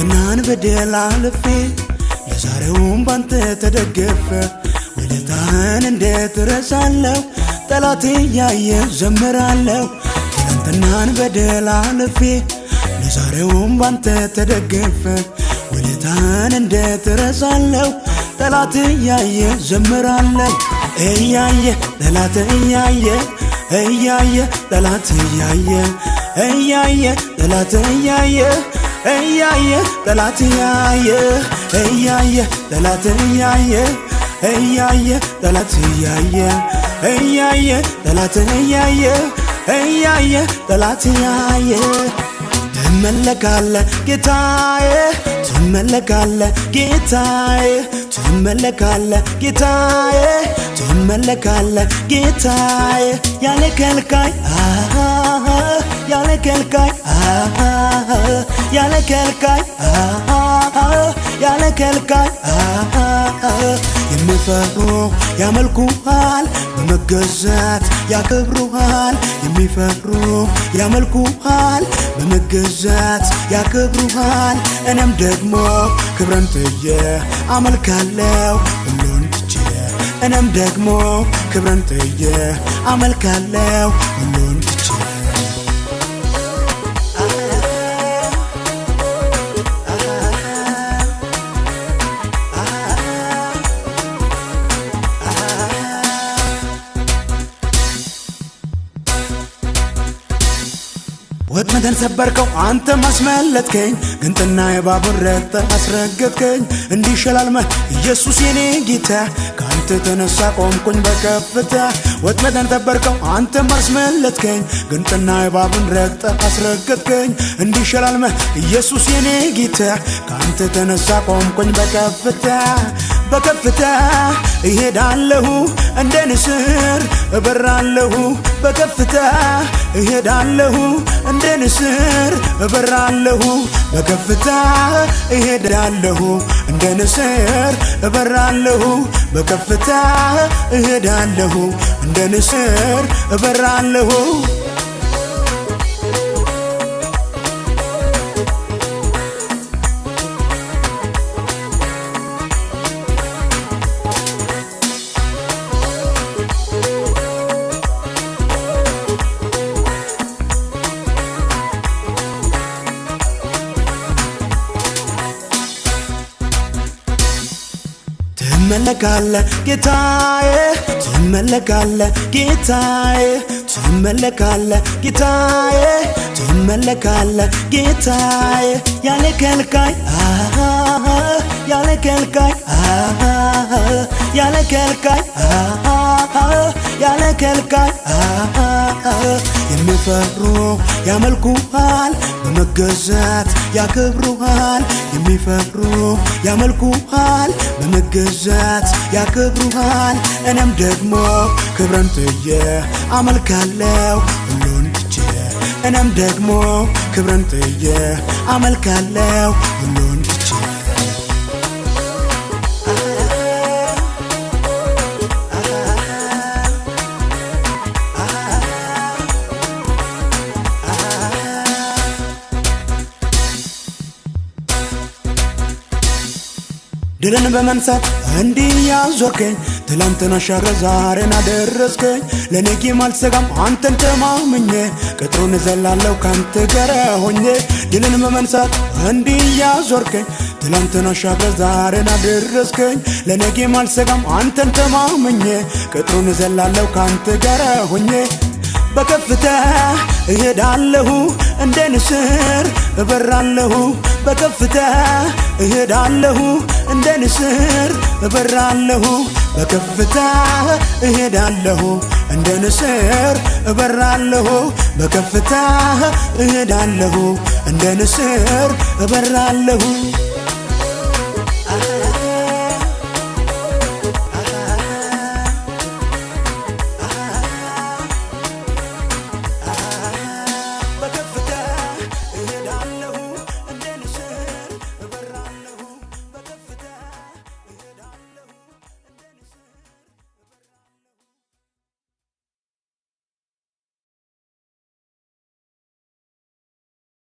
ትናንት በደል አልፌ ለዛሬውም ባንተ ተደገፈ ውለታህን እንዴት ረሳለሁ? ጠላቴ እያየ ዘምራለሁ። ትናንትናን በደል አልፌ ለዛሬውም ባንተ ተደገፈ ጌታን እንዴት ረሳለሁ? ጠላት እያየ ዘምራለሁ። እያየ ጠላት እያየ እያየ ጠላት እያየ እያየ ጠላት እያየ እያየ ጠላት እያየ እያየ ጠላት እያየ እያየ ጠላት እያየ እያየ ጠላት እያየ እያየ ጠላት እያየ ትመለካለ ጌታዬ ትመለካለ ጌታዬ ትመለካለ ጌታዬ ትመለካለ ጌታዬ ያለ ከልካይ ያለ ከልካይ ያለ ከልካይ ያለ ከልካይ የሚፈሩ ያመልኩሃል በመገዛት ያከብሩሃል። የሚፈሩ ያመልኩሃል። በመገዛት ያከብሩሃል። እኔም ደግሞ ክብረን ትየ አመልካለው ሁሉን ትቼ እኔም ደግሞ ክብረን ትየ አመልካለው ሁሉን ወጥመደን ሰበርከው አንተ ማስመለጥከኝ ግንጥና የባቡር ረግጠ አስረገጥከኝ እንዲሸላልመህ ኢየሱስ የኔ ጌታ ከአንተ ተነሳ ቆምኩኝ በከፍታ ወጥመደን ሰበርከው አንተ ማስመለጥከኝ ግንጥና የባቡን ረግጠ አስረገጥከኝ እንዲሸላልመህ ኢየሱስ የኔ ጌታ ከአንተ ተነሳ ቆምኩኝ በከፍታ በከፍታ እሄዳለሁ እንደ ንስር እበራለሁ በከፍታ እሄዳለሁ እንደ ንስር እበራለሁ በከፍታ እሄዳለሁ እንደ ንስር እበራለሁ በከፍታ እሄዳለሁ እንደ ንስር እበራለሁ ትመለካለ ጌታዬ ትመለካለ ጌታዬ ትመለካለ ጌታዬ ትመለካለ ጌታዬ ያለ ከልካይ ያለ ከልካይ ያለ ከልካይ ያለ ከልካይ የሚፈሩ ያመልኩሃል በመገዛት ያከብሩሃል የሚፈሩ ያመልኩሃል በመገዛት ያከብሩሃል እኔም ደግሞ ክብረን ትየ አመልካለው ሁሉን ትቼ እኔም ደግሞ ክብረን ትየ አመልካለው ሁሉን ትቼ ድልን በመንሳት እንዲህ ያዞርከኝ ትላንትና ሻረ ዛሬን አደረስከኝ። ለኔጌም አልሰጋም አንተን ተማምኜ ቅጥሩን ዘላለው ካንተ ጋር ሆኜ ድልን በመንሳት እንዲህ ያዞርከኝ ትላንትና ሻረ ዛሬን አደረስከኝ። ለኔጌም አልሰጋም አንተን ተማምኜ ቅጥሩን ዘላለው ካንተ ጋር ሆኜ በከፍታ እሄዳለሁ እንደ ንስር እበራለሁ በከፍታ እሄዳለሁ እንደ ንስር እበራለሁ በከፍታ እሄዳለሁ እንደ ንስር እበራለሁ በከፍታ እሄዳለሁ እንደ ንስር እበራለሁ